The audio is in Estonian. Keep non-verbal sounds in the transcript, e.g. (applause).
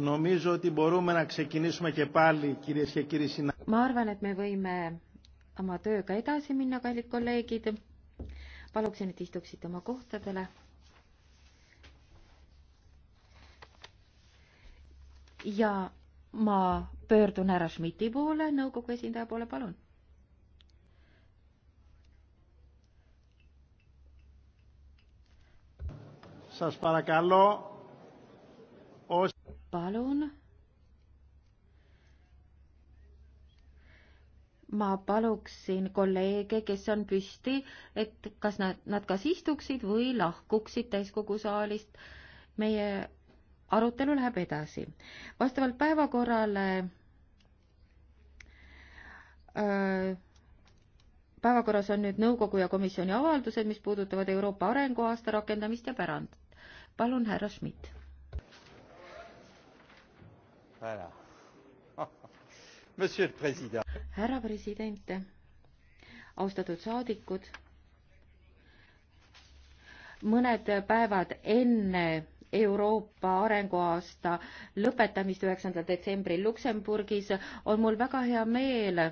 Νομίζω ότι μπορούμε να ξεκινήσουμε και πάλι, κυρίες και κύριοι συνάδελφοι. Ma arvan, et me võime oma tööga edasi minna, kallid kolleegid. Paluksin, et istuksite oma kohtadele. Ja ma pöördun härra Schmidti poole, nõukogu esindaja poole, palun. Σας παρακαλώ palun. ma paluksin kolleege, kes on püsti, et kas nad, nad kas istuksid või lahkuksid täiskogu saalist. meie arutelu läheb edasi. vastavalt päevakorrale öö, päevakorras on nüüd nõukogu ja komisjoni avaldused, mis puudutavad Euroopa arenguaasta rakendamist ja pärandit. palun, härra Schmidt (laughs) härra president, austatud saadikud, mõned päevad enne Euroopa arenguaasta lõpetamist üheksandal detsembril Luksemburgis on mul väga hea meel